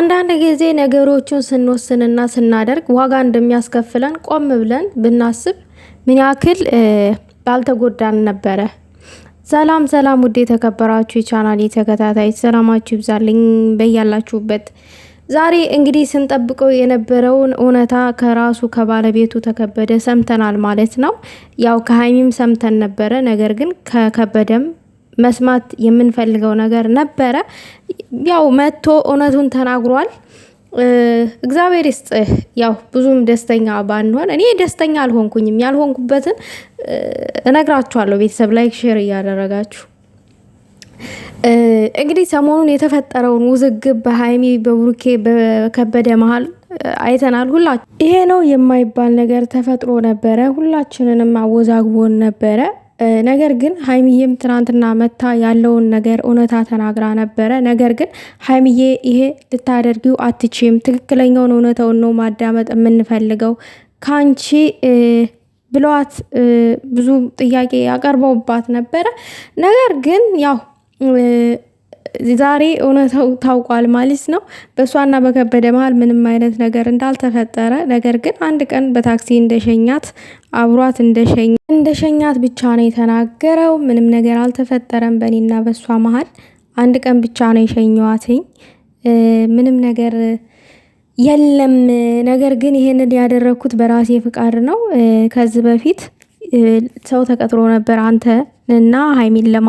አንዳንድ ጊዜ ነገሮችን ስንወስንና ስናደርግ ዋጋ እንደሚያስከፍለን ቆም ብለን ብናስብ ምን ያክል ባልተጎዳን ነበረ። ሰላም ሰላም፣ ውድ የተከበራችሁ የቻናል ተከታታይ ሰላማችሁ ይብዛልኝ በያላችሁበት። ዛሬ እንግዲህ ስንጠብቀው የነበረውን እውነታ ከራሱ ከባለቤቱ ተከበደ ሰምተናል ማለት ነው። ያው ከሀይሚም ሰምተን ነበረ፣ ነገር ግን ከከበደም መስማት የምንፈልገው ነገር ነበረ። ያው መጥቶ እውነቱን ተናግሯል። እግዚአብሔር ይስጥህ። ያው ብዙም ደስተኛ ባንሆን እኔ ደስተኛ አልሆንኩኝም። ያልሆንኩበትን እነግራችኋለሁ። ቤተሰብ ላይክ፣ ሼር እያደረጋችሁ እንግዲህ ሰሞኑን የተፈጠረውን ውዝግብ በሀይሚ በብሩኬ በከበደ መሀል አይተናል። ሁላችሁ ይሄ ነው የማይባል ነገር ተፈጥሮ ነበረ። ሁላችንንም አወዛግቦን ነበረ። ነገር ግን ሀይሚዬም ትናንትና መታ ያለውን ነገር እውነታ ተናግራ ነበረ። ነገር ግን ሀይሚዬ ይሄ ልታደርጊው አትችም፣ ትክክለኛውን እውነታውን ነው ማዳመጥ የምንፈልገው ከአንቺ ብለዋት ብዙ ጥያቄ ያቀርበውባት ነበረ። ነገር ግን ያው ዛሬ እውነታው ታውቋል ማለት ነው። በእሷና በከበደ መሀል ምንም አይነት ነገር እንዳልተፈጠረ ነገር ግን አንድ ቀን በታክሲ እንደሸኛት አብሯት እንደሸኛት ብቻ ነው የተናገረው። ምንም ነገር አልተፈጠረም በእኔና በእሷ መሀል። አንድ ቀን ብቻ ነው የሸኘዋትኝ። ምንም ነገር የለም። ነገር ግን ይሄንን ያደረግኩት በራሴ ፍቃድ ነው። ከዚህ በፊት ሰው ተቀጥሮ ነበር አንተ እና ሀይሚን ለማ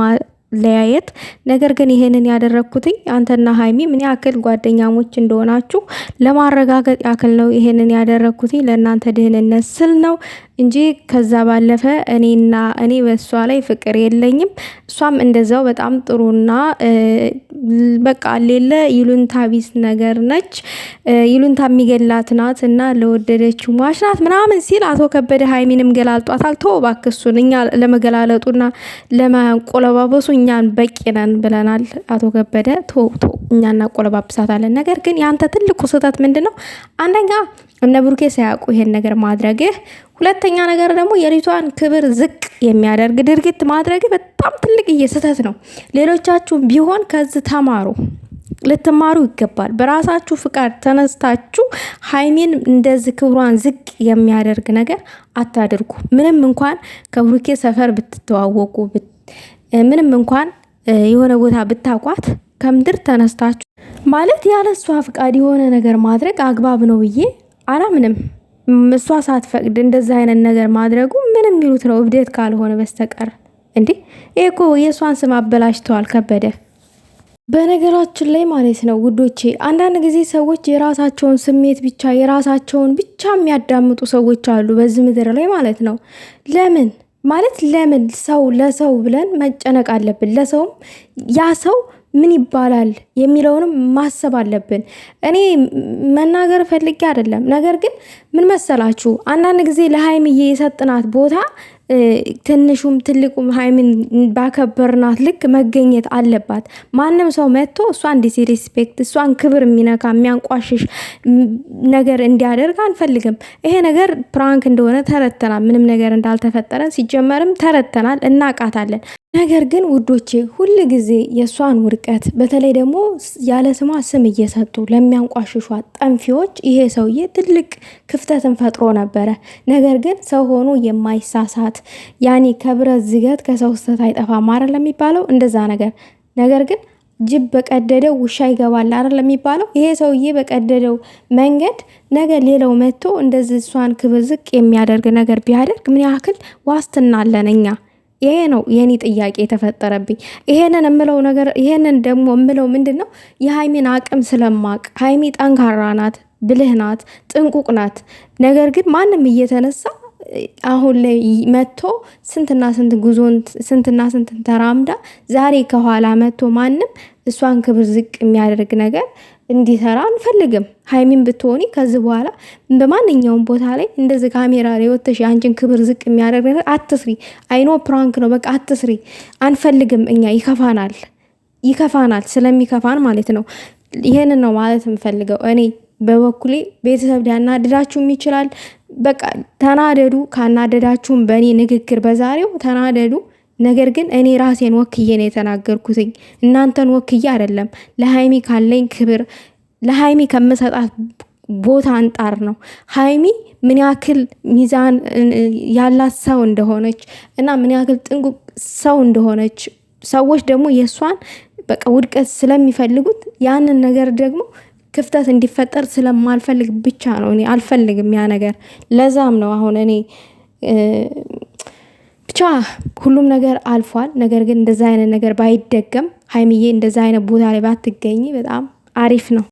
ለያየት ነገር ግን ይሄንን ያደረግኩትኝ አንተና ሀይሚ ምን ያክል ጓደኛሞች እንደሆናችሁ ለማረጋገጥ ያክል ነው። ይሄንን ያደረግኩትኝ ለእናንተ ድህንነት ስል ነው። እንጂ ከዛ ባለፈ እኔና እኔ በእሷ ላይ ፍቅር የለኝም። እሷም እንደዛው በጣም ጥሩና በቃ ሌለ ይሉንታ ቢስ ነገር ነች። ይሉንታ የሚገላት ናት እና ለወደደችው ሟች ናት ምናምን ሲል አቶ ከበደ ሀይሚንም ገላልጧታል። ቶ እባክህ እሱን እኛ ለመገላለጡና ለማቆለባበሱ እኛን በቂ ነን ብለናል። አቶ ከበደ ቶ ቶ እኛ እናቆለባብሳታለን። ነገር ግን ያንተ ትልቁ ስህተት ምንድን ነው? አንደኛ እነ ብሩኬ ሳያውቁ ይሄን ነገር ማድረግህ ሁለተኛ ነገር ደግሞ የሪቷን ክብር ዝቅ የሚያደርግ ድርጊት ማድረግ በጣም ትልቅዬ ስህተት ነው። ሌሎቻችሁም ቢሆን ከዚህ ተማሩ፣ ልትማሩ ይገባል። በራሳችሁ ፍቃድ ተነስታችሁ ሀይሚን እንደዚህ ክብሯን ዝቅ የሚያደርግ ነገር አታድርጉ። ምንም እንኳን ከብሩኬ ሰፈር ብትተዋወቁ፣ ምንም እንኳን የሆነ ቦታ ብታቋት ከምድር ተነስታችሁ ማለት ያለ እሷ ፍቃድ የሆነ ነገር ማድረግ አግባብ ነው ብዬ አላምንም። እሷ ሳትፈቅድ እንደዚህ አይነት ነገር ማድረጉ ምንም የሚሉት ነው እብደት ካልሆነ በስተቀር። እንዴ ይሄ እኮ የእሷን ስም አበላሽተዋል ከበደ። በነገራችን ላይ ማለት ነው ውዶቼ፣ አንዳንድ ጊዜ ሰዎች የራሳቸውን ስሜት ብቻ የራሳቸውን ብቻ የሚያዳምጡ ሰዎች አሉ በዚህ ምድር ላይ ማለት ነው። ለምን ማለት ለምን ሰው ለሰው ብለን መጨነቅ አለብን? ለሰውም ያ ሰው ምን ይባላል የሚለውንም ማሰብ አለብን። እኔ መናገር ፈልጌ አይደለም፣ ነገር ግን ምን መሰላችሁ አንዳንድ ጊዜ ለሀይምዬ የሰጥናት ቦታ ትንሹም ትልቁም ሀይምን ባከበርናት ልክ መገኘት አለባት። ማንም ሰው መጥቶ እሷን ዲስሪስፔክት እሷን ክብር የሚነካ የሚያንቋሽሽ ነገር እንዲያደርግ አንፈልግም። ይሄ ነገር ፕራንክ እንደሆነ ተረተናል። ምንም ነገር እንዳልተፈጠረን ሲጀመርም ተረተናል፣ እናቃታለን። ነገር ግን ውዶቼ ሁል ጊዜ የእሷን ውድቀት በተለይ ደግሞ ያለ ስሟ ስም እየሰጡ ለሚያንቋሽሿ ጠንፊዎች ይሄ ሰውዬ ትልቅ ክፍተትን ፈጥሮ ነበረ። ነገር ግን ሰው ሆኖ የማይሳሳት ያኔ ከብረት ዝገት ከሰው ስተት አይጠፋ ማረ ለሚባለው እንደዛ ነገር ነገር ግን ጅብ በቀደደው ውሻ ይገባል አረ ለሚባለው ይሄ ሰውዬ በቀደደው መንገድ ነገ ሌላው መጥቶ እንደዚህ እሷን ክብር ዝቅ የሚያደርግ ነገር ቢያደርግ ምን ያክል ዋስትና አለን እኛ? ይሄ ነው የኔ ጥያቄ የተፈጠረብኝ። ይሄንን የምለው ነገር ይሄንን ደግሞ የምለው ምንድን ነው የሀይሚን አቅም ስለማቅ ሀይሚ ጠንካራ ናት፣ ብልህ ናት፣ ጥንቁቅ ናት። ነገር ግን ማንም እየተነሳ አሁን ላይ መጥቶ ስንትና ስንት ጉዞን ስንትና ስንት ተራምዳ ዛሬ ከኋላ መጥቶ ማንም እሷን ክብር ዝቅ የሚያደርግ ነገር እንዲሰራ አንፈልግም። ሀይሚን ብትሆኒ ከዚህ በኋላ በማንኛውም ቦታ ላይ እንደዚህ ካሜራ ላይ ወተሽ አንቺን ክብር ዝቅ የሚያደርግ ነገር አትስሪ። አይኖ ፕራንክ ነው፣ በቃ አትስሪ። አንፈልግም እኛ ይከፋናል፣ ይከፋናል፣ ስለሚከፋን ማለት ነው። ይህንን ነው ማለት የምፈልገው እኔ በበኩሌ ቤተሰብ ሊያናድዳችሁም ይችላል። በቃ ተናደዱ። ካናደዳችሁም በእኔ ንግግር በዛሬው ተናደዱ። ነገር ግን እኔ ራሴን ወክዬ ነው የተናገርኩትኝ እናንተን ወክዬ አይደለም። ለሀይሚ ካለኝ ክብር ለሀይሚ ከምሰጣት ቦታ አንጣር ነው ሀይሚ ምን ያክል ሚዛን ያላት ሰው እንደሆነች እና ምን ያክል ጥንቁ ሰው እንደሆነች ሰዎች ደግሞ የእሷን በቃ ውድቀት ስለሚፈልጉት ያንን ነገር ደግሞ ክፍተት እንዲፈጠር ስለማልፈልግ ብቻ ነው። እኔ አልፈልግም ያ ነገር። ለዛም ነው አሁን እኔ ብቻ ሁሉም ነገር አልፏል። ነገር ግን እንደዛ አይነት ነገር ባይደገም ሀይምዬ እንደዛ አይነት ቦታ ላይ ባትገኝ በጣም አሪፍ ነው።